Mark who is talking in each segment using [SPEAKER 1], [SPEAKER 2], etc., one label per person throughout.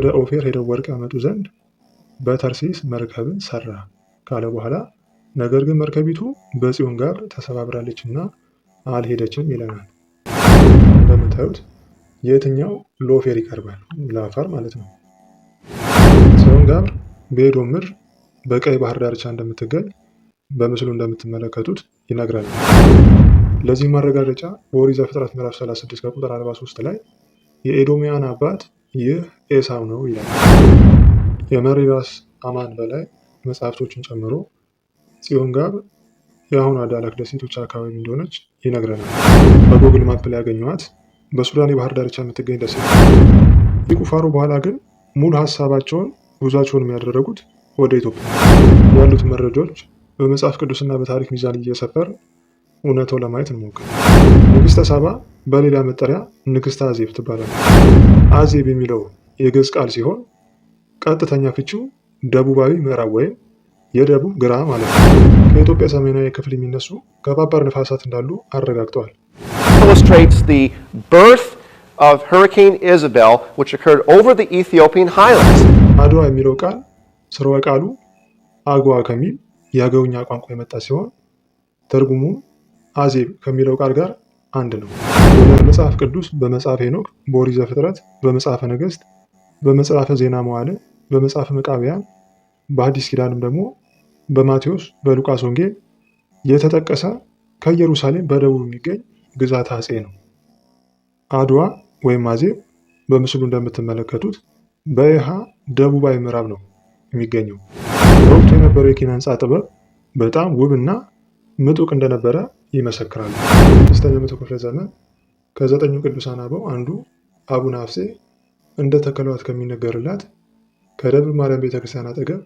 [SPEAKER 1] ወደ ኦፌር ሄደው ወርቅ ያመጡ ዘንድ በተርሴስ መርከብን ሰራ ካለ በኋላ ነገር ግን መርከቢቱ በጽዮን ጋብር ተሰባብራለች እና አልሄደችም ይለናል። እንደምታዩት የትኛው ለኦፌር ይቀርባል? ለአፋር ማለት ነው። ጽዮን ጋብር በኤዶም ምድር በቀይ ባህር ዳርቻ እንደምትገኝ በምስሉ እንደምትመለከቱት ይነግራል። ለዚህ ማረጋገጫ በኦሪት ዘፍጥረት ምዕራፍ 36 ከቁጥር 43 ላይ የኤዶሚያን አባት ይህ ኤሳው ነው ይላል። የመሪዳስ አማን በላይ መጽሐፍቶችን ጨምሮ ጽዮን ጋብ የአሁኑ አዳላክ ደሴቶች አካባቢ እንደሆነች ይነግረናል። በጎግል ማፕ ላይ ያገኘዋት በሱዳን የባህር ዳርቻ የምትገኝ ደሴት። ይቁፋሩ በኋላ ግን ሙሉ ሀሳባቸውን ጉዟቸውን የሚያደረጉት ወደ ኢትዮጵያ ያሉት መረጃዎች በመጽሐፍ ቅዱስና በታሪክ ሚዛን እየሰፈር እውነተው ለማየት እንሞክር። ንግስተ ሳባ በሌላ መጠሪያ ንግስተ አዜብ ትባላለች። አዜብ የሚለው የግዕዝ ቃል ሲሆን ቀጥተኛ ፍቺው ደቡባዊ ምዕራብ ወይም የደቡብ ግራ ማለት ነው። ከኢትዮጵያ ሰሜናዊ ክፍል የሚነሱ ከባባር ነፋሳት እንዳሉ አረጋግጠዋል። አድዋ የሚለው ቃል ስርወ ቃሉ አግዋ ከሚል የአገውኛ ቋንቋ የመጣ ሲሆን ትርጉሙ አዜብ ከሚለው ቃል ጋር አንድ ነው። መጽሐፍ ቅዱስ በመጽሐፍ ሄኖክ፣ በኦሪት ዘፍጥረት፣ በመጽሐፈ ነገሥት፣ በመጽሐፈ ዜና መዋዕል፣ በመጽሐፈ መቃብያን፣ በአዲስ ኪዳንም ደግሞ በማቴዎስ፣ በሉቃስ ወንጌል የተጠቀሰ ከኢየሩሳሌም በደቡብ የሚገኝ ግዛት አጼ ነው። አድዋ ወይም አዜ በምስሉ እንደምትመለከቱት በይሃ ደቡባዊ ምዕራብ ነው የሚገኘው። በወቅቱ የነበረው የኪነ ህንፃ ጥበብ በጣም ውብና ምጡቅ እንደነበረ ይመሰክራሉ። ስድስተኛው መቶ ክፍለ ዘመን ከዘጠኙ ቅዱሳን አበው አንዱ አቡነ አፍሴ እንደ ተከሏት ከሚነገርላት ከደብር ማርያም ቤተክርስቲያን አጠገብ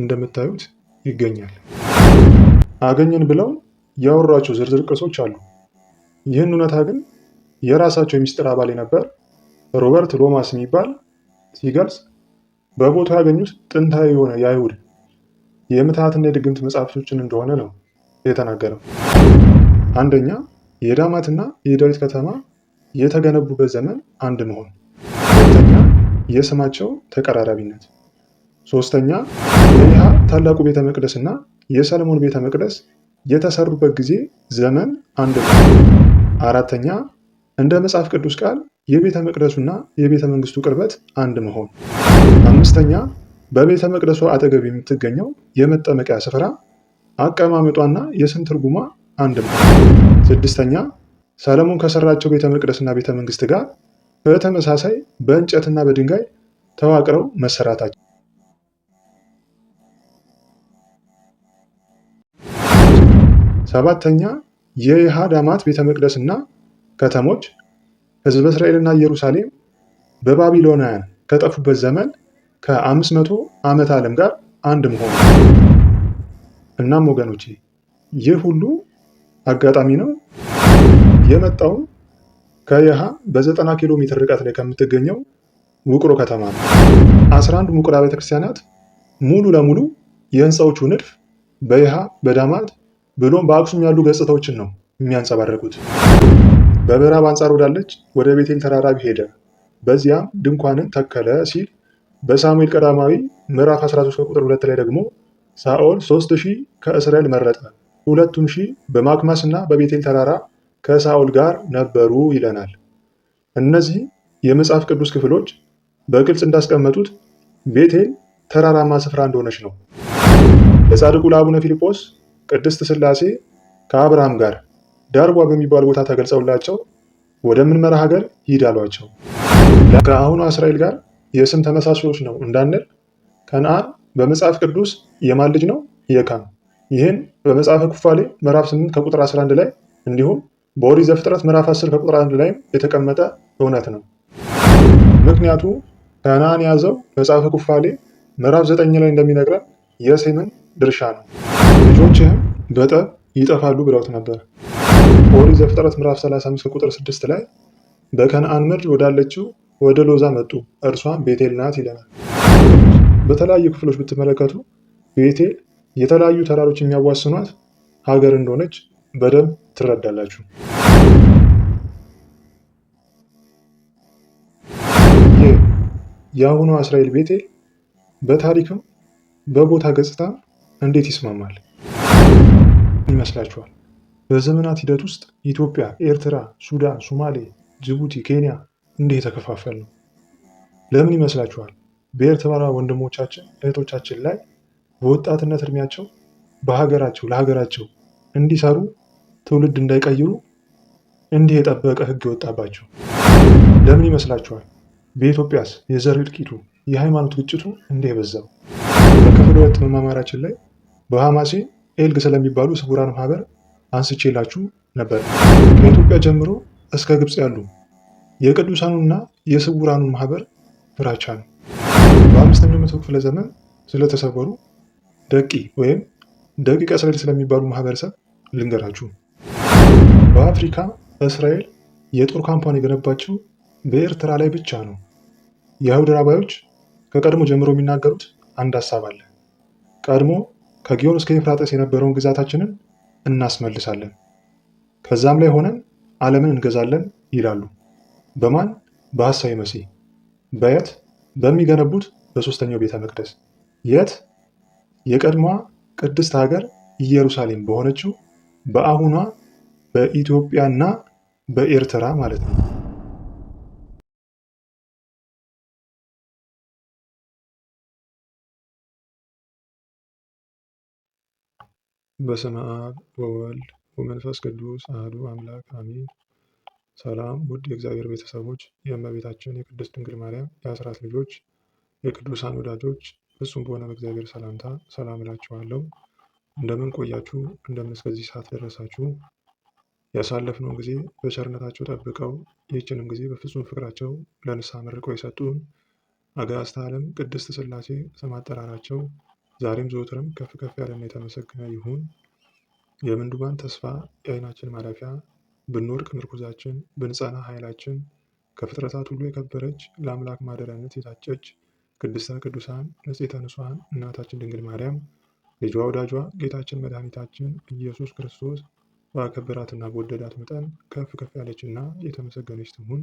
[SPEAKER 1] እንደምታዩት ይገኛል። አገኘን ብለው ያወሯቸው ዝርዝር ቅርሶች አሉ። ይህን እውነታ ግን የራሳቸው የሚስጥር አባል የነበር ሮበርት ሎማስ የሚባል ሲገልጽ በቦታው ያገኙት ጥንታዊ የሆነ የአይሁድ የምትሃትና የድግምት መጽሐፍቶችን እንደሆነ ነው የተናገረው። አንደኛ የዳማትና የዳዊት ከተማ የተገነቡበት ዘመን አንድ መሆን፣ ሁለተኛ የስማቸው ተቀራራቢነት፣ ሶስተኛ የይሃ ታላቁ ቤተ መቅደስና የሰለሞን ቤተ መቅደስ የተሰሩበት ጊዜ ዘመን አንድ መሆን፣ አራተኛ እንደ መጽሐፍ ቅዱስ ቃል የቤተ መቅደሱና የቤተ መንግስቱ ቅርበት አንድ መሆን፣ አምስተኛ በቤተ መቅደሱ አጠገብ የምትገኘው የመጠመቂያ ስፍራ አቀማመጧና የስም ትርጉሟ አንድ ነው። ስድስተኛ ሰለሞን ከሰራቸው ቤተ መቅደስና ቤተ መንግስት ጋር በተመሳሳይ በእንጨትና በድንጋይ ተዋቅረው መሰራታቸው። ሰባተኛ የኢሃዳማት ቤተ መቅደስና ከተሞች ህዝበ እስራኤልና ኢየሩሳሌም በባቢሎናውያን ከጠፉበት ዘመን ከ500 ዓመት ዓለም ጋር አንድ መሆኑ። እናም ወገኖቼ ይህ ሁሉ አጋጣሚ ነው የመጣውም ከየሃ በ90 ኪሎ ሜትር ርቀት ላይ ከምትገኘው ውቅሮ ከተማ ነው። 11 ውቅራ ቤተክርስቲያናት ሙሉ ለሙሉ የህንፃዎቹ ንድፍ በየሃ በዳማት ብሎም በአክሱም ያሉ ገጽታዎችን ነው የሚያንጸባረቁት። በምዕራብ አንጻር ወዳለች ወደ ቤቴል ተራራ ሄደ፣ በዚያም ድንኳንን ተከለ ሲል በሳሙኤል ቀዳማዊ ምዕራፍ 13 ቁጥር 2 ላይ ደግሞ ሳኦል 3000 ከእስራኤል መረጠ ሁለቱም ሺህ በማክማስ እና በቤቴል ተራራ ከሳኦል ጋር ነበሩ ይለናል። እነዚህ የመጽሐፍ ቅዱስ ክፍሎች በግልጽ እንዳስቀመጡት ቤቴል ተራራማ ስፍራ እንደሆነች ነው። ለጻድቁ ለአቡነ ፊልጶስ ቅድስት ሥላሴ ከአብርሃም ጋር ዳርቧ በሚባል ቦታ ተገልጸውላቸው ወደ ምንመራ ሀገር ሂድ አሏቸው። ከአሁኑ እስራኤል ጋር የስም ተመሳሳዮች ነው እንዳንል ከነአን በመጽሐፍ ቅዱስ የማን ልጅ ነው? የካም ይህን በመጽሐፈ ኩፋሌ ምዕራፍ 8 ከቁጥር 11 ላይ እንዲሁም በኦሪት ዘፍጥረት ምዕራፍ 10 ከቁጥር 1 ላይም የተቀመጠ እውነት ነው። ምክንያቱ ከናን ያዘው መጽሐፈ ኩፋሌ ምዕራፍ 9 ላይ እንደሚነግረን የሴምን ድርሻ ነው። ልጆችህም በጠብ ይጠፋሉ ብለውት ነበር። ኦሪት ዘፍጥረት ምዕራፍ 35 ከቁጥር 6 ላይ በከነአን ምድር ወዳለችው ወደ ሎዛ መጡ፣ እርሷም ቤቴል ናት ይለናል። በተለያዩ ክፍሎች ብትመለከቱ ቤቴል የተለያዩ ተራሮች የሚያዋስኗት ሀገር እንደሆነች በደንብ ትረዳላችሁ። ይህ የአሁኗ እስራኤል ቤቴል በታሪክም በቦታ ገጽታ እንዴት ይስማማል ይመስላችኋል? በዘመናት ሂደት ውስጥ ኢትዮጵያ፣ ኤርትራ፣ ሱዳን፣ ሶማሌ፣ ጅቡቲ፣ ኬንያ እንዲህ የተከፋፈል ነው። ለምን ይመስላችኋል? በኤርትራ ወንድሞቻችን እህቶቻችን ላይ በወጣትነት እድሜያቸው በሀገራቸው ለሀገራቸው እንዲሰሩ ትውልድ እንዳይቀይሩ እንዲህ የጠበቀ ህግ የወጣባቸው ለምን ይመስላችኋል? በኢትዮጵያስ የዘር እልቂቱ የሃይማኖት ግጭቱ እንዲህ የበዛው? በክፍል ሁለት መማማራችን ላይ በሀማሴ ኤልግ ስለሚባሉ ስውራን ማህበር አንስቼላችሁ ነበር። ከኢትዮጵያ ጀምሮ እስከ ግብፅ ያሉ የቅዱሳኑና የስውራኑ ማህበር ፍራቻ ነው። በአምስተኛው መቶ ክፍለ ዘመን ስለተሰወሩ ደቂ ወይም ደቂቀ እስራኤል ስለሚባሉ ማህበረሰብ ልንገራችሁ። በአፍሪካ እስራኤል የጦር ካምፓን የገነባቸው በኤርትራ ላይ ብቻ ነው። የአይሁድ ራባዮች ከቀድሞ ጀምሮ የሚናገሩት አንድ ሀሳብ አለ። ቀድሞ ከጊዮን እስከ ኤፍራጥስ የነበረውን ግዛታችንን እናስመልሳለን፣ ከዛም ላይ ሆነን ዓለምን እንገዛለን ይላሉ። በማን በሐሳዊ መሲህ በየት በሚገነቡት በሶስተኛው ቤተ መቅደስ የት የቀድሞዋ ቅድስት ሀገር ኢየሩሳሌም በሆነችው በአሁኗ በኢትዮጵያና በኤርትራ ማለት ነው።
[SPEAKER 2] በስመ አብ ወወልድ ወመንፈስ ቅዱስ አህዱ አምላክ አሜን። ሰላም ውድ የእግዚአብሔር ቤተሰቦች፣ የእመቤታችን የቅድስት ድንግል ማርያም የአስራት ልጆች፣ የቅዱሳን ወዳጆች ፍጹም በሆነ በእግዚአብሔር ሰላምታ ሰላም እላችኋለሁ። እንደምን ቆያችሁ? እንደምን እስከዚህ ሰዓት ደረሳችሁ? ያሳለፍነውን ጊዜ በቸርነታቸው ጠብቀው ይህችንም ጊዜ በፍጹም ፍቅራቸው ለንስሐ መርቀው የሰጡን አጋዕዝተ ዓለም ቅድስት ሥላሴ ስም አጠራራቸው ዛሬም ዘወትርም ከፍ ከፍ ያለና የተመሰገነ ይሁን። የምንዱባን ተስፋ የዓይናችን ማረፊያ ብንወድቅ ምርኩዛችን፣ ብንጸና ኃይላችን ከፍጥረታት ሁሉ የከበረች ለአምላክ ማደሪያነት የታጨች ቅድስተ ቅዱሳን ንጽሕተ ንጹሐን እናታችን ድንግል ማርያም ልጇ ወዳጇ ጌታችን መድኃኒታችን ኢየሱስ ክርስቶስ በአከበራትና በወደዳት መጠን ከፍ ከፍ ያለችና የተመሰገነች ትሁን።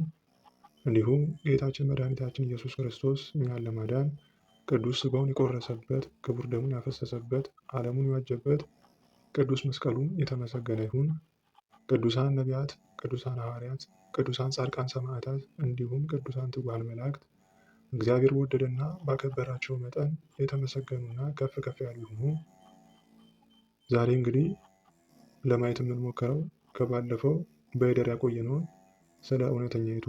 [SPEAKER 2] እንዲሁም ጌታችን መድኃኒታችን ኢየሱስ ክርስቶስ እኛን ለማዳን ቅዱስ ሥጋውን የቆረሰበት ክቡር ደሙን ያፈሰሰበት ዓለሙን የዋጀበት ቅዱስ መስቀሉን የተመሰገነ ይሁን። ቅዱሳን ነቢያት፣ ቅዱሳን ሐዋርያት፣ ቅዱሳን ጻድቃን ሰማዕታት እንዲሁም ቅዱሳን ትጉሃን መላእክት እግዚአብሔር በወደደና ባከበራቸው መጠን የተመሰገኑና ከፍ ከፍ ያሉ ሆኑ። ዛሬ እንግዲህ ለማየት የምንሞክረው ከባለፈው ያቆየ ያቆየነውን ስለ እውነተኛይቱ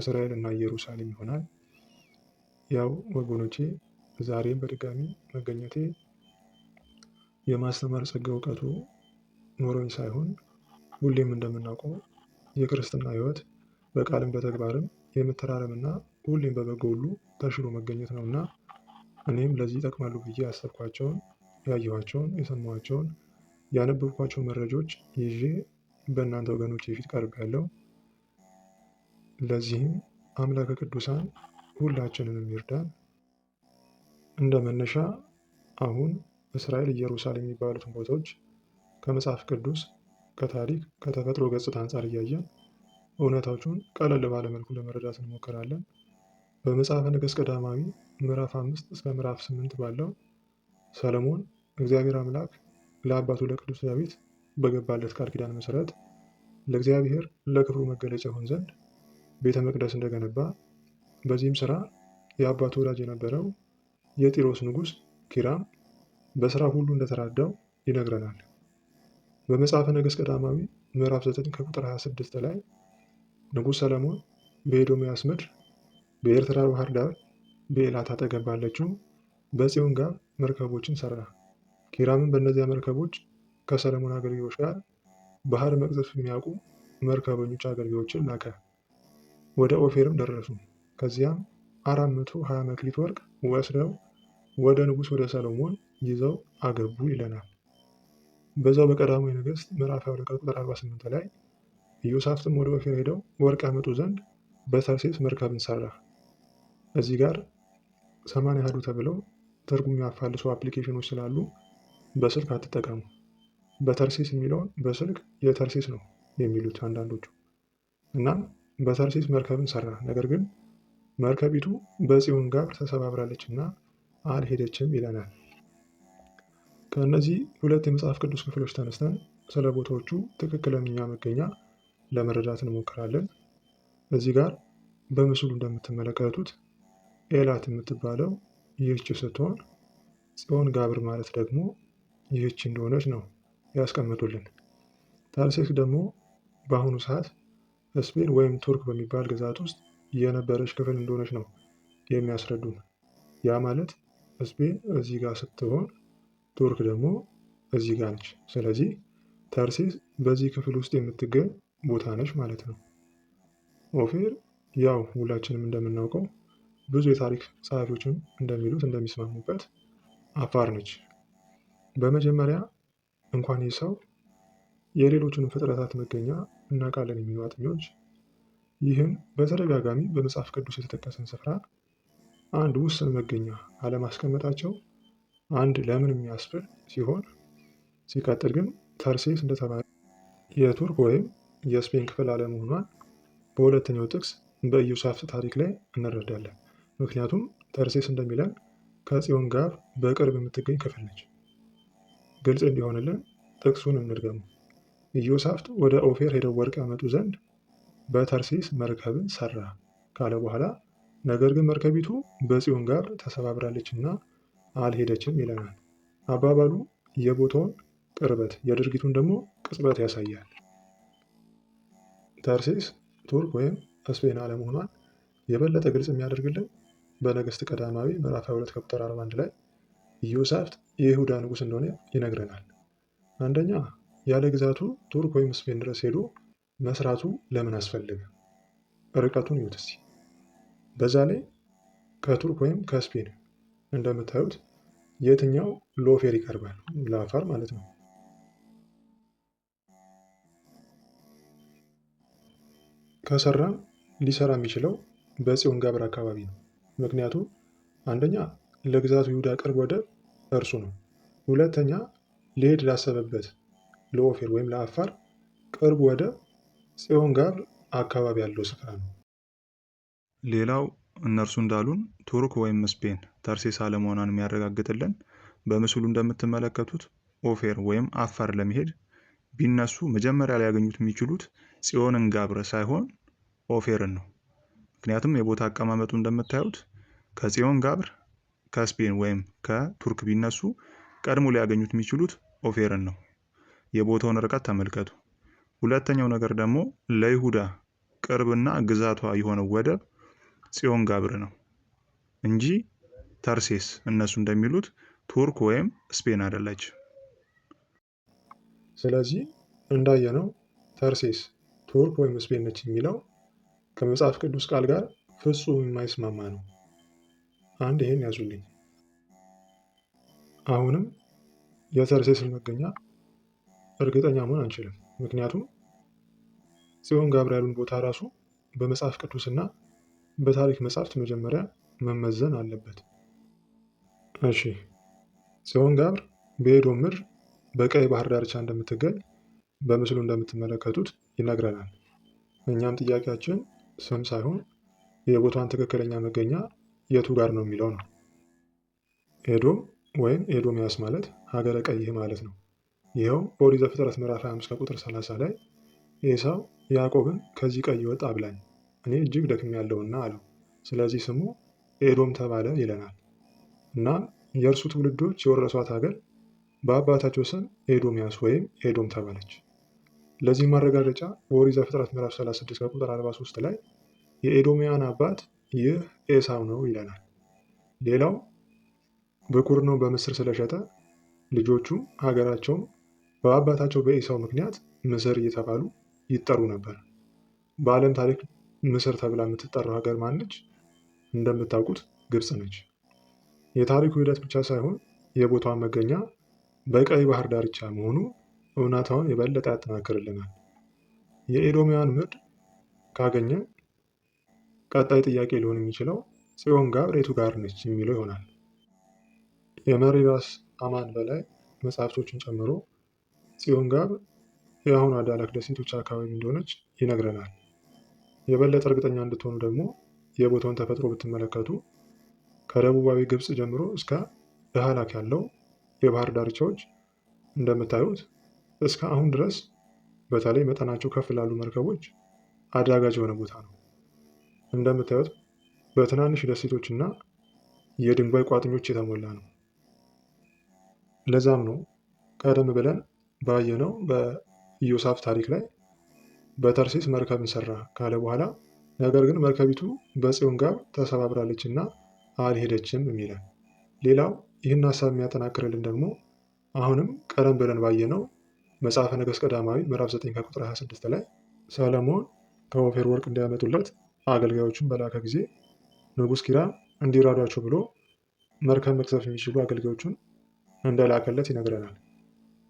[SPEAKER 2] እስራኤል እና ኢየሩሳሌም ይሆናል። ያው ወገኖቼ ዛሬም በድጋሚ መገኘቴ የማስተማር ጸጋ እውቀቱ ኖሮኝ ሳይሆን ሁሌም እንደምናውቀው የክርስትና ሕይወት በቃልም በተግባርም የመተራረምና ሁሌም በበጎ ሁሉ ተሽሎ መገኘት ነው እና እኔም ለዚህ ይጠቅማሉ ብዬ ያሰብኳቸውን፣ ያየኋቸውን፣ የሰማኋቸውን፣ ያነበብኳቸው መረጃዎች ይዤ በእናንተ ወገኖች የፊት ቀርብ ያለው ለዚህም አምላከ ቅዱሳን ሁላችንንም ይርዳን። እንደ መነሻ አሁን እስራኤል ኢየሩሳሌም የሚባሉትን ቦታዎች ከመጽሐፍ ቅዱስ ከታሪክ ከተፈጥሮ ገጽታ አንጻር እያየን እውነታዎቹን ቀለል ባለ መልኩ ለመረዳት እንሞክራለን። በመጽሐፈ ነገሥት ቀዳማዊ ምዕራፍ አምስት እስከ ምዕራፍ ስምንት ባለው ሰለሞን እግዚአብሔር አምላክ ለአባቱ ለቅዱስ ዳዊት በገባለት ቃል ኪዳን መሰረት ለእግዚአብሔር ለክብሩ መገለጫ ይሆን ዘንድ ቤተ መቅደስ እንደገነባ በዚህም ስራ የአባቱ ወዳጅ የነበረው የጢሮስ ንጉሥ ኪራም በስራ ሁሉ እንደተራዳው ይነግረናል። በመጽሐፈ ነገሥት ቀዳማዊ ምዕራፍ 9 ከቁጥር 26 ላይ ንጉሥ ሰለሞን በኤዶምያስ ምድር በኤርትራ ባህር ዳር በኤላት አጠገብ ባለችው በጽዮን ጋር መርከቦችን ሰራ። ኪራምን በእነዚያ መርከቦች ከሰለሞን አገልጋዮች ጋር ባህር መቅዘፍ የሚያውቁ መርከበኞች አገልጋዮችን ላከ። ወደ ኦፌርም ደረሱ። ከዚያም 420 መክሊት ወርቅ ወስደው ወደ ንጉሥ ወደ ሰለሞን ይዘው አገቡ ይለናል። በዛው በቀዳማዊ ነገሥት ምዕራፍ 22 ቁጥር 48 ላይ ኢዮሳፍትም ወደ ኦፌር ሄደው ወርቅ ያመጡ ዘንድ በተርሴስ መርከብን ሰራ። እዚህ ጋር ሰማንያ አሐዱ ተብለው ትርጉም ያፋልሱ አፕሊኬሽኖች ስላሉ በስልክ አትጠቀሙ። በተርሴስ የሚለውን በስልክ የተርሴስ ነው የሚሉት አንዳንዶቹ እና በተርሴስ መርከብን ሰራ፣ ነገር ግን መርከቢቱ በጽዮን ጋር ተሰባብራለች እና አልሄደችም ይለናል። ከእነዚህ ሁለት የመጽሐፍ ቅዱስ ክፍሎች ተነስተን ስለ ቦታዎቹ ትክክለኛ መገኛ ለመረዳት እንሞክራለን። እዚህ ጋር በምስሉ እንደምትመለከቱት ኤላት የምትባለው ይህች ስትሆን ጽዮን ጋብር ማለት ደግሞ ይህች እንደሆነች ነው ያስቀምጡልን። ታርሴስ ደግሞ በአሁኑ ሰዓት ስፔን ወይም ቱርክ በሚባል ግዛት ውስጥ የነበረች ክፍል እንደሆነች ነው የሚያስረዱን። ያ ማለት ስፔን እዚህ ጋር ስትሆን ቱርክ ደግሞ እዚህ ጋር ነች። ስለዚህ ተርሴስ በዚህ ክፍል ውስጥ የምትገኝ ቦታ ነች ማለት ነው። ኦፌር ያው ሁላችንም እንደምናውቀው ብዙ የታሪክ ጸሐፊዎችም እንደሚሉት እንደሚስማሙበት አፋር ነች። በመጀመሪያ እንኳን ይህ ሰው የሌሎችን ፍጥረታት መገኛ እናውቃለን የሚሉ አጥኚዎች ይህም በተደጋጋሚ በመጽሐፍ ቅዱስ የተጠቀሰን ስፍራ አንድ ውስን መገኛ አለማስቀመጣቸው አንድ ለምን የሚያስብል ሲሆን ሲቀጥል ግን ተርሴስ እንደተባለ የቱርክ ወይም የስፔን ክፍል አለመሆኗን በሁለተኛው ጥቅስ በኢዮሳፍጥ ታሪክ ላይ እንረዳለን። ምክንያቱም ተርሴስ እንደሚለን ከጽዮን ጋር በቅርብ የምትገኝ ክፍል ነች። ግልጽ እንዲሆንልን ጥቅሱን እንድገሙ። ኢዮሳፍጥ ወደ ኦፌር ሄደው ወርቅ ያመጡ ዘንድ በተርሴስ መርከብን ሰራ ካለ በኋላ ነገር ግን መርከቢቱ በጽዮን ጋር ተሰባብራለች እና አልሄደችም ይለናል። አባባሉ የቦታውን ቅርበት የድርጊቱን ደግሞ ቅጽበት ያሳያል። ተርሴስ ቱርክ ወይም ስፔን አለመሆኗን የበለጠ ግልጽ የሚያደርግልን በነገስት ቀዳማዊ ምዕራፍ 22 ከቁጥር 41 ላይ ኢዮሳፍት የይሁዳ ንጉስ እንደሆነ ይነግረናል። አንደኛ ያለ ግዛቱ ቱርክ ወይም ስፔን ድረስ ሄዶ መስራቱ ለምን አስፈለገ? ርቀቱን ይዩት እስኪ። በዛ ላይ ከቱርክ ወይም ከስፔን እንደምታዩት የትኛው ሎፌር ይቀርባል? ለአፋር ማለት ነው። ከሰራም ሊሰራ የሚችለው በጽዮን ጋብር አካባቢ ነው። ምክንያቱም አንደኛ ለግዛቱ ይሁዳ ቅርብ ወደብ እርሱ ነው። ሁለተኛ ሊሄድ ላሰበበት ለኦፌር ወይም ለአፋር ቅርብ ወደብ ጽዮን ጋብር አካባቢ ያለው ስፍራ ነው። ሌላው እነርሱ እንዳሉን ቱርክ ወይም ስፔን ተርሴስ አለመሆኗን የሚያረጋግጥልን በምስሉ እንደምትመለከቱት ኦፌር ወይም አፋር ለመሄድ ቢነሱ መጀመሪያ ሊያገኙት የሚችሉት ጽዮንን ጋብረ ሳይሆን ኦፌርን ነው። ምክንያቱም የቦታ አቀማመጡ እንደምታዩት ከጽዮን ጋብር ከስፔን ወይም ከቱርክ ቢነሱ ቀድሞ ሊያገኙት የሚችሉት ኦፌርን ነው። የቦታውን ርቀት ተመልከቱ። ሁለተኛው ነገር ደግሞ ለይሁዳ ቅርብና ግዛቷ የሆነው ወደብ ጽዮን ጋብር ነው እንጂ ተርሴስ እነሱ እንደሚሉት ቱርክ ወይም ስፔን አይደለች። ስለዚህ እንዳየነው ተርሴስ ቱርክ ወይም ስፔን ነች የሚለው ከመጽሐፍ ቅዱስ ቃል ጋር ፍጹም የማይስማማ ነው። አንድ ይሄን ያዙልኝ። አሁንም የተርሴስን መገኛ እርግጠኛ መሆን አንችልም። ምክንያቱም ጽዮን ጋብርያሉን ቦታ ራሱ በመጽሐፍ ቅዱስና በታሪክ መጽሐፍት መጀመሪያ መመዘን አለበት። እሺ ጽዮን ጋብር በኤዶም ምድር በቀይ ባህር ዳርቻ እንደምትገኝ በምስሉ እንደምትመለከቱት ይነግረናል። እኛም ጥያቄያችን ስም ሳይሆን የቦታዋን ትክክለኛ መገኛ የቱ ጋር ነው የሚለው ነው። ኤዶም ወይም ኤዶሚያስ ማለት ሀገረ ቀይህ ማለት ነው። ይኸው በኦሪት ዘፍጥረት ምዕራፍ 25 ከቁጥር 30 ላይ ኤሳው ያዕቆብን ከዚህ ቀይ ወጥ አብላኝ እኔ እጅግ ደክም ያለውና አለው። ስለዚህ ስሙ ኤዶም ተባለ ይለናል። እናም የእርሱ ትውልዶች የወረሷት ሀገር በአባታቸው ስም ኤዶሚያስ ወይም ኤዶም ተባለች። ለዚህ ማረጋገጫ በኦሪት ዘፍጥረት ምዕራፍ 36 ከቁጥር 43 ላይ የኤዶሚያን አባት ይህ ኤሳው ነው ይለናል። ሌላው በኩር ነው በምስር ስለሸጠ ልጆቹ ሀገራቸውም በአባታቸው በኤሳው ምክንያት ምስር እየተባሉ ይጠሩ ነበር። በዓለም ታሪክ ምስር ተብላ የምትጠራው ሀገር ማነች? እንደምታውቁት ግብፅ ነች። የታሪኩ ሂደት ብቻ ሳይሆን የቦታ መገኛ በቀይ ባህር ዳርቻ መሆኑ እውነታውን የበለጠ ያጠናክርልናል። የኤዶሚያን ምድር ካገኘ ቀጣይ ጥያቄ ሊሆን የሚችለው ጽዮን ጋር ሬቱ ጋር ነች የሚለው ይሆናል። የመሪባስ አማን በላይ መጽሐፍቶችን ጨምሮ ጽዮን ጋር የአሁኑ አዳላክ ደሴቶች አካባቢ እንደሆነች ይነግረናል። የበለጠ እርግጠኛ እንድትሆኑ ደግሞ የቦታውን ተፈጥሮ ብትመለከቱ ከደቡባዊ ግብፅ ጀምሮ እስከ ዳህላክ ያለው የባህር ዳርቻዎች እንደምታዩት እስከ አሁን ድረስ በተለይ መጠናቸው ከፍ ላሉ መርከቦች አዳጋጅ የሆነ ቦታ ነው። እንደምታዩት በትናንሽ ደሴቶች እና የድንጋይ ቋጥኞች የተሞላ ነው። ለዛም ነው ቀደም ብለን ባየነው በኢዮሳፍ ታሪክ ላይ በተርሴስ መርከብን ሰራ ካለ በኋላ ነገር ግን መርከቢቱ በጽዮን ጋር ተሰባብራለች እና አልሄደችም የሚለን። ሌላው ይህን ሀሳብ የሚያጠናክርልን ደግሞ አሁንም ቀደም ብለን ባየነው መጽሐፈ ነገሥት ቀዳማዊ ምዕራፍ 9 ከቁጥር 26 ላይ ሰለሞን ከኦፌር ወርቅ እንዲያመጡለት አገልጋዮቹን በላከ ጊዜ ንጉስ ኪራ እንዲራዷቸው ብሎ መርከብ መቅዘፍ የሚችሉ አገልጋዮቹን እንደላከለት ይነግረናል።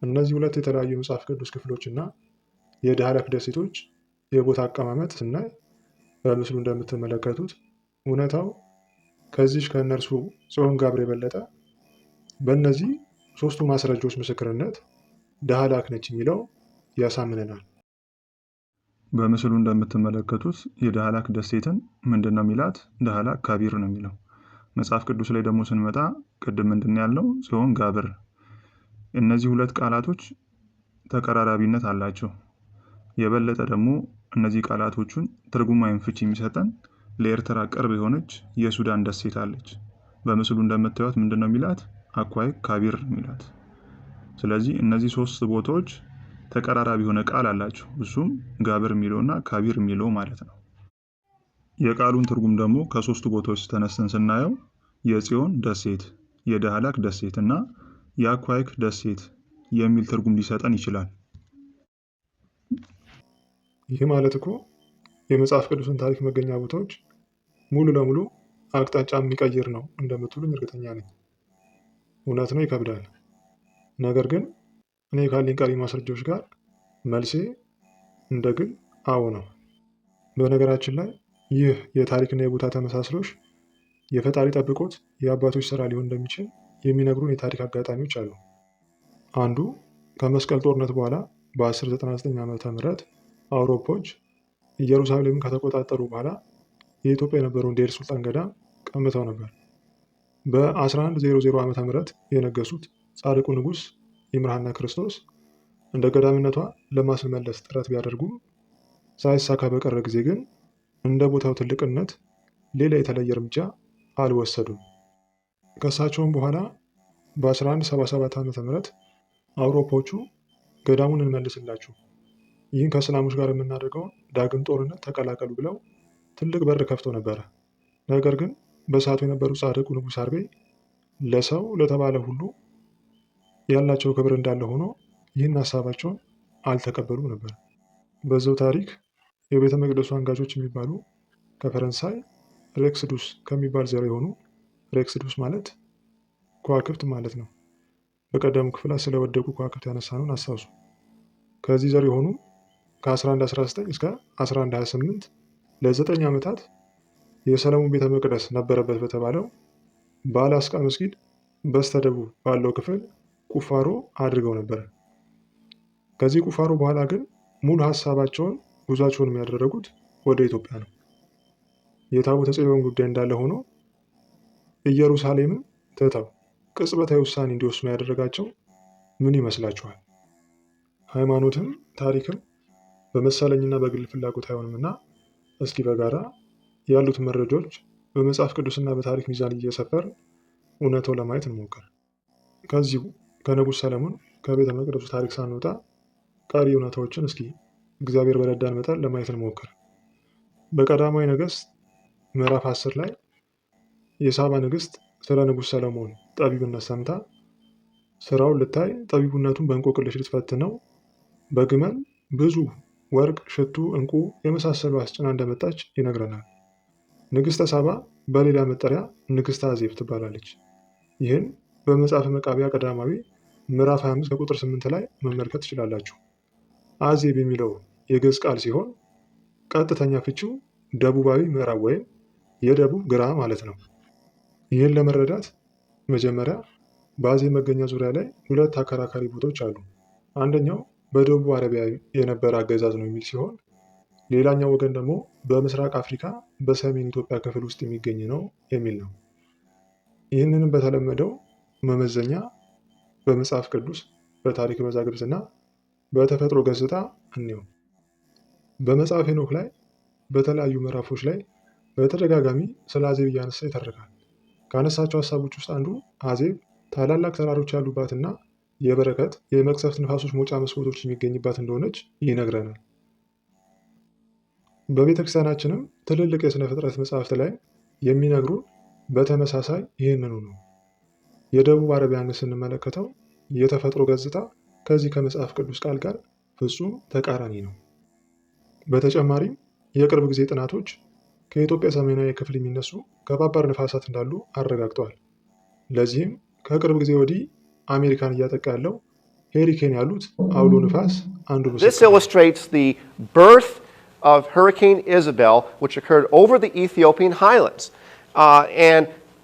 [SPEAKER 2] እነዚህ ሁለት የተለያዩ የመጽሐፍ ቅዱስ ክፍሎች እና የዳህላክ ደሴቶች የቦታ አቀማመጥ ስናይ በምስሉ እንደምትመለከቱት እውነታው ከዚች ከእነርሱ ጽዮን ጋብር የበለጠ በእነዚህ ሶስቱ ማስረጃዎች ምስክርነት ዳህላክ ነች የሚለው ያሳምነናል። በምስሉ እንደምትመለከቱት የዳህላክ ደሴትን ምንድን ነው የሚላት? ዳህላክ ካቢር ነው የሚለው። መጽሐፍ ቅዱስ ላይ ደግሞ ስንመጣ ቅድም ምንድን ያለው ጽዮን ጋብር። እነዚህ ሁለት ቃላቶች ተቀራራቢነት አላቸው። የበለጠ ደግሞ እነዚህ ቃላቶቹን ትርጉም ወይም ፍች የሚሰጠን ለኤርትራ ቅርብ የሆነች የሱዳን ደሴት አለች። በምስሉ እንደምታዩት ምንድን ነው የሚላት? አኳይ ካቢር የሚላት። ስለዚህ እነዚህ ሶስት ቦታዎች ተቀራራቢ የሆነ ቃል አላቸው። እሱም ጋብር የሚለው እና ካቢር የሚለው ማለት ነው። የቃሉን ትርጉም ደግሞ ከሶስቱ ቦታዎች ተነስተን ስናየው የጽዮን ደሴት፣ የዳህላክ ደሴት እና የአኳይክ ደሴት የሚል ትርጉም ሊሰጠን ይችላል። ይህ ማለት እኮ የመጽሐፍ ቅዱስን ታሪክ መገኛ ቦታዎች ሙሉ ለሙሉ አቅጣጫ የሚቀይር ነው እንደምትሉኝ እርግጠኛ ነኝ። እውነት ነው፣ ይከብዳል። ነገር ግን እኔ ካለኝ ቀሪ ማስረጃዎች ጋር መልሴ እንደ ግል አዎ ነው። በነገራችን ላይ ይህ የታሪክና የቦታ ተመሳስሎች የፈጣሪ ጠብቆት የአባቶች ስራ ሊሆን እንደሚችል የሚነግሩን የታሪክ አጋጣሚዎች አሉ። አንዱ ከመስቀል ጦርነት በኋላ በ1099 ዓ ም አውሮፖች ኢየሩሳሌምን ከተቆጣጠሩ በኋላ የኢትዮጵያ የነበረውን ዴር ሱልጣን ገዳም ቀምተው ነበር። በ1100 ዓ ም የነገሱት ጻድቁ ንጉስ ይምርሃና ክርስቶስ እንደ ገዳሚነቷ ለማስመለስ ጥረት ቢያደርጉም ሳይሳካ በቀረ ጊዜ ግን እንደ ቦታው ትልቅነት ሌላ የተለየ እርምጃ አልወሰዱም። ከእሳቸውም በኋላ በ1177 ዓ ም አውሮፓዎቹ ገዳሙን እንመልስላችሁ፣ ይህን ከእስላሞች ጋር የምናደርገውን ዳግም ጦርነት ተቀላቀሉ ብለው ትልቅ በር ከፍቶ ነበረ። ነገር ግን በሰዓቱ የነበሩ ጻድቁ ንጉሥ አርቤ ለሰው ለተባለ ሁሉ ያላቸው ክብር እንዳለ ሆኖ ይህን ሀሳባቸውን አልተቀበሉም ነበር። በዛው ታሪክ የቤተ መቅደሱ አንጋጆች የሚባሉ ከፈረንሳይ ሬክስዱስ ከሚባል ዘር የሆኑ ሬክስዱስ ማለት ከዋክብት ማለት ነው። በቀደሙ ክፍላት ስለወደቁ ከዋክብት ያነሳነውን አስታውሱ። ከዚህ ዘር የሆኑ ከ1119 እስከ 1128 ለዘጠኝ ዓመታት የሰለሞን ቤተ መቅደስ ነበረበት በተባለው በአላስቃ መስጊድ በስተደቡብ ባለው ክፍል ቁፋሮ አድርገው ነበር። ከዚህ ቁፋሮ በኋላ ግን ሙሉ ሀሳባቸውን ጉዟቸውን የሚያደረጉት ወደ ኢትዮጵያ ነው። የታቦተ ጽዮን ጉዳይ እንዳለ ሆኖ ኢየሩሳሌምን ትተው ቅጽበታዊ ውሳኔ እንዲወስኑ ያደረጋቸው ምን ይመስላችኋል? ሃይማኖትም ታሪክም በመሰለኝና በግል ፍላጎት አይሆንምና እስኪ በጋራ ያሉት መረጃዎች በመጽሐፍ ቅዱስና በታሪክ ሚዛን እየሰፈር እውነተው ለማየት እንሞክር። ከዚሁ ከንጉሥ ሰለሞን ከቤተ መቅደሱ ታሪክ ሳንወጣ ቀሪ እውነታዎችን እስኪ እግዚአብሔር በረዳን መጠን ለማየት እንሞክር። በቀዳማዊ ነገሥት ምዕራፍ አስር ላይ የሳባ ንግሥት ስለ ንጉሥ ሰለሞን ጠቢብነት ሰምታ ስራውን ልታይ ጠቢቡነቱን በእንቆቅልሽ ልትፈትነው በግመል ብዙ ወርቅ፣ ሽቱ፣ እንቁ የመሳሰሉ አስጭና እንደመጣች ይነግረናል። ንግሥተ ሳባ በሌላ መጠሪያ ንግሥተ አዜብ ትባላለች። ይህን በመጽሐፈ መቃቢያ ቀዳማዊ ምዕራፍ 25 ከቁጥር 8 ላይ መመልከት ትችላላችሁ። አዜብ የሚለው የግዕዝ ቃል ሲሆን ቀጥተኛ ፍቺው ደቡባዊ ምዕራብ ወይም የደቡብ ግራ ማለት ነው። ይህን ለመረዳት መጀመሪያ በአዜብ መገኛ ዙሪያ ላይ ሁለት አከራካሪ ቦታዎች አሉ። አንደኛው በደቡብ አረቢያ የነበረ አገዛዝ ነው የሚል ሲሆን ሌላኛው ወገን ደግሞ በምስራቅ አፍሪካ በሰሜን ኢትዮጵያ ክፍል ውስጥ የሚገኝ ነው የሚል ነው። ይህንንም በተለመደው መመዘኛ በመጽሐፍ ቅዱስ በታሪክ መዛግብት በተፈጥሮ ገጽታ እንየው። በመጽሐፍ ሄኖክ ላይ በተለያዩ ምዕራፎች ላይ በተደጋጋሚ ስለ አዜብ እያነሳ ይተርካል። ካነሳቸው ሀሳቦች ውስጥ አንዱ አዜብ ታላላቅ ተራሮች ያሉባትና የበረከት የመቅሰፍት ንፋሶች መውጫ መስኮቶች የሚገኝባት እንደሆነች ይነግረናል። በቤተ ክርስቲያናችንም ትልልቅ የሥነ ፍጥረት መጽሐፍት ላይ የሚነግሩን በተመሳሳይ ይህንኑ ነው። የደቡብ አረቢያን ስንመለከተው የተፈጥሮ ገጽታ ከዚህ ከመጽሐፍ ቅዱስ ቃል ጋር ፍጹም ተቃራኒ ነው። በተጨማሪም የቅርብ ጊዜ ጥናቶች ከኢትዮጵያ ሰሜናዊ ክፍል የሚነሱ ከባባር ነፋሳት እንዳሉ አረጋግጠዋል። ለዚህም ከቅርብ ጊዜ ወዲህ አሜሪካን እያጠቃ ያለው ሄሪኬን ያሉት አውሎ ንፋስ አንዱ ምስል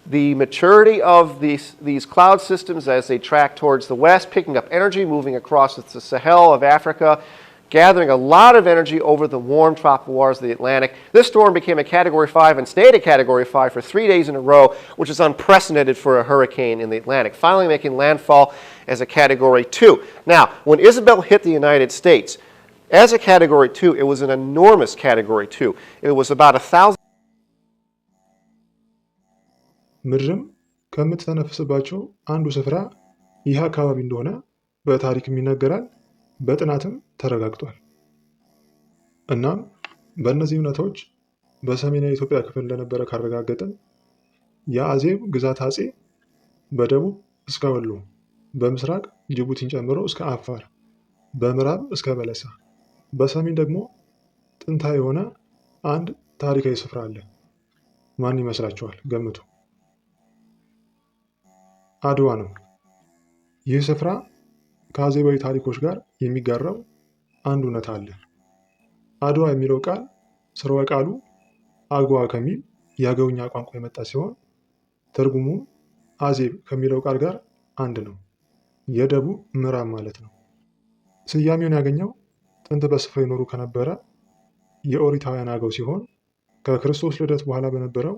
[SPEAKER 2] the maturity of these, these cloud systems as they track towards the west, picking up energy, moving across the Sahel of Africa, gathering a lot of energy over the warm tropical waters of the Atlantic. This storm became a Category 5 and stayed a Category 5 for three days in a row, which is unprecedented for a hurricane in the Atlantic, finally making landfall as a Category 2. Now, when Isabel hit the United States, as a Category 2, it was an enormous Category 2. It was about a 1,000 ምድርም ከምትተነፍስባቸው አንዱ ስፍራ ይህ አካባቢ እንደሆነ በታሪክም ይነገራል፣ በጥናትም ተረጋግጧል። እናም በእነዚህ እውነታዎች በሰሜናዊ ኢትዮጵያ ክፍል እንደነበረ ካረጋገጥን የአዜብ ግዛት አጼ በደቡብ እስከ ወሎ፣ በምስራቅ ጅቡቲን ጨምሮ እስከ አፋር፣ በምዕራብ እስከ በለሳ፣ በሰሜን ደግሞ ጥንታዊ የሆነ አንድ ታሪካዊ ስፍራ አለ። ማን ይመስላችኋል? ገምቱ። አድዋ ነው። ይህ ስፍራ ከአዜባዊ ታሪኮች ጋር የሚጋራው አንድ እውነት አለ። አድዋ የሚለው ቃል ስርወ ቃሉ አግዋ ከሚል የአገውኛ ቋንቋ የመጣ ሲሆን ትርጉሙ አዜብ ከሚለው ቃል ጋር አንድ ነው። የደቡብ ምዕራብ ማለት ነው። ስያሜውን ያገኘው ጥንት በስፍራ ይኖሩ ከነበረ የኦሪታውያን አገው ሲሆን ከክርስቶስ ልደት በኋላ በነበረው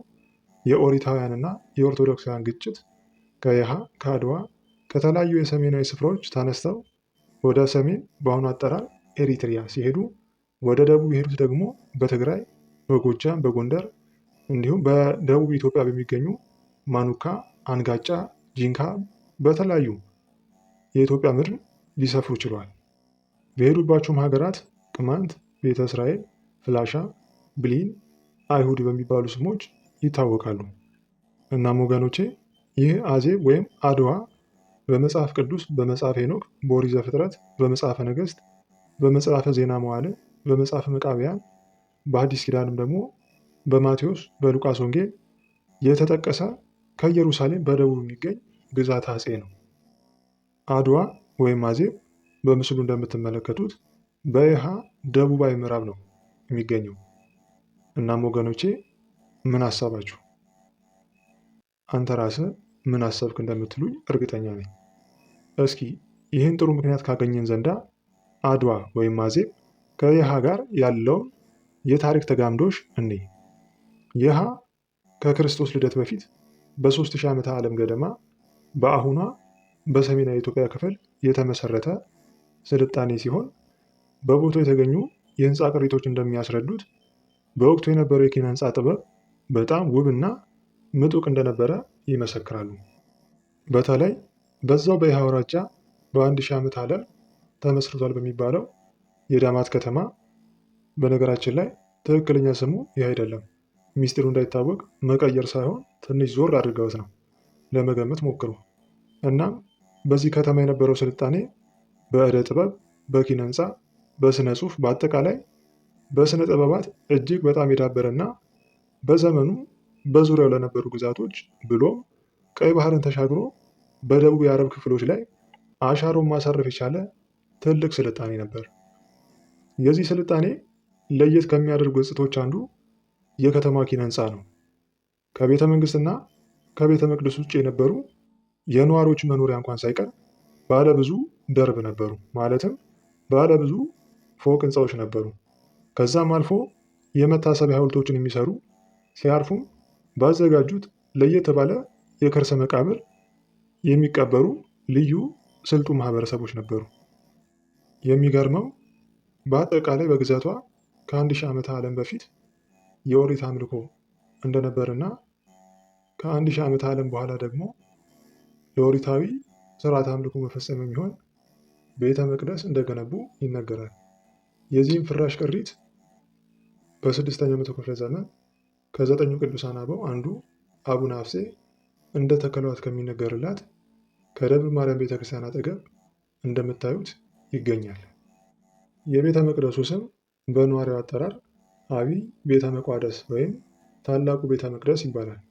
[SPEAKER 2] የኦሪታውያንና የኦርቶዶክሳውያን ግጭት ከየሃ ከአድዋ ከተለያዩ የሰሜናዊ ስፍራዎች ተነስተው ወደ ሰሜን በአሁኑ አጠራር ኤሪትሪያ ሲሄዱ ወደ ደቡብ የሄዱት ደግሞ በትግራይ፣ በጎጃም፣ በጎንደር እንዲሁም በደቡብ ኢትዮጵያ በሚገኙ ማኑካ፣ አንጋጫ፣ ጂንካ በተለያዩ የኢትዮጵያ ምድር ሊሰፍሩ ችሏል። በሄዱባቸውም ሀገራት ቅማንት፣ ቤተ እስራኤል፣ ፍላሻ፣ ብሊን፣ አይሁድ በሚባሉ ስሞች ይታወቃሉ። እናም ወገኖቼ ይህ አዜብ ወይም አድዋ በመጽሐፍ ቅዱስ በመጽሐፍ ሄኖክ፣ በኦሪት ዘፍጥረት፣ በመጽሐፈ ነገሥት፣ በመጽሐፈ ዜና መዋዕል፣ በመጽሐፈ መቃብያን፣ በአዲስ ኪዳንም ደግሞ በማቴዎስ፣ በሉቃስ ወንጌል የተጠቀሰ ከኢየሩሳሌም በደቡብ የሚገኝ ግዛት አፄ ነው። አድዋ ወይም አዜብ በምስሉ እንደምትመለከቱት በይሃ ደቡባዊ ምዕራብ ነው የሚገኘው። እናም ወገኖቼ ምን አሳባችሁ? አንተ ራስህ ምን አሰብክ እንደምትሉኝ እርግጠኛ ነኝ። እስኪ ይህን ጥሩ ምክንያት ካገኘን ዘንዳ አድዋ ወይም አዜብ ከየሃ ጋር ያለውን የታሪክ ተጋምዶሽ እኔ የሃ ከክርስቶስ ልደት በፊት በ3000 ዓመተ ዓለም ገደማ በአሁኗ በሰሜናዊ ኢትዮጵያ ክፍል የተመሰረተ ስልጣኔ ሲሆን በቦታው የተገኙ የህንፃ ቅሪቶች እንደሚያስረዱት በወቅቱ የነበረው የኪነ ህንፃ ጥበብ በጣም ውብ እና ምጡቅ እንደነበረ ይመሰክራሉ። በተለይ በዛው በይሃ አውራጃ በአንድ ሺህ ዓመት አለም ተመስርቷል በሚባለው የዳማት ከተማ በነገራችን ላይ ትክክለኛ ስሙ ይህ አይደለም። ሚስጢሩ እንዳይታወቅ መቀየር ሳይሆን ትንሽ ዞር አድርገውት ነው። ለመገመት ሞክሩ። እናም በዚህ ከተማ የነበረው ስልጣኔ በእደ ጥበብ፣ በኪነ ህንፃ፣ በስነ ጽሁፍ፣ በአጠቃላይ በስነ ጥበባት እጅግ በጣም የዳበረ እና በዘመኑ በዙሪያው ለነበሩ ግዛቶች ብሎም ቀይ ባህርን ተሻግሮ በደቡብ የአረብ ክፍሎች ላይ አሻሮን ማሳረፍ የቻለ ትልቅ ስልጣኔ ነበር። የዚህ ስልጣኔ ለየት ከሚያደርጉ ገጽቶች አንዱ የከተማ ኪነ ህንፃ ነው። ከቤተ መንግስትና ከቤተ መቅደስ ውጭ የነበሩ የነዋሪዎች መኖሪያ እንኳን ሳይቀር ባለ ብዙ ደርብ ነበሩ። ማለትም ባለ ብዙ ፎቅ ህንፃዎች ነበሩ። ከዛም አልፎ የመታሰቢያ ሐውልቶችን የሚሰሩ ሲያርፉም ባዘጋጁት ለየት ባለ የከርሰ መቃብር የሚቀበሩ ልዩ ስልጡ ማህበረሰቦች ነበሩ። የሚገርመው በአጠቃላይ በግዛቷ ከአንድ ሺህ ዓመት ዓለም በፊት የኦሪት አምልኮ እንደነበርና ከአንድ ሺህ ዓመት ዓለም በኋላ ደግሞ ለኦሪታዊ ስርዓት አምልኮ መፈጸም የሚሆን ቤተ መቅደስ እንደገነቡ ይነገራል። የዚህም ፍራሽ ቅሪት በስድስተኛው መቶ ክፍለ ዘመን ከዘጠኙ ቅዱሳን አበው አንዱ አቡነ አፍሴ እንደ ተከሏት ከሚነገርላት ከደብር ማርያም ቤተ ክርስቲያን አጠገብ እንደምታዩት ይገኛል። የቤተ መቅደሱ ስም በነዋሪው አጠራር አቢይ ቤተ መቋደስ ወይም ታላቁ ቤተ መቅደስ ይባላል።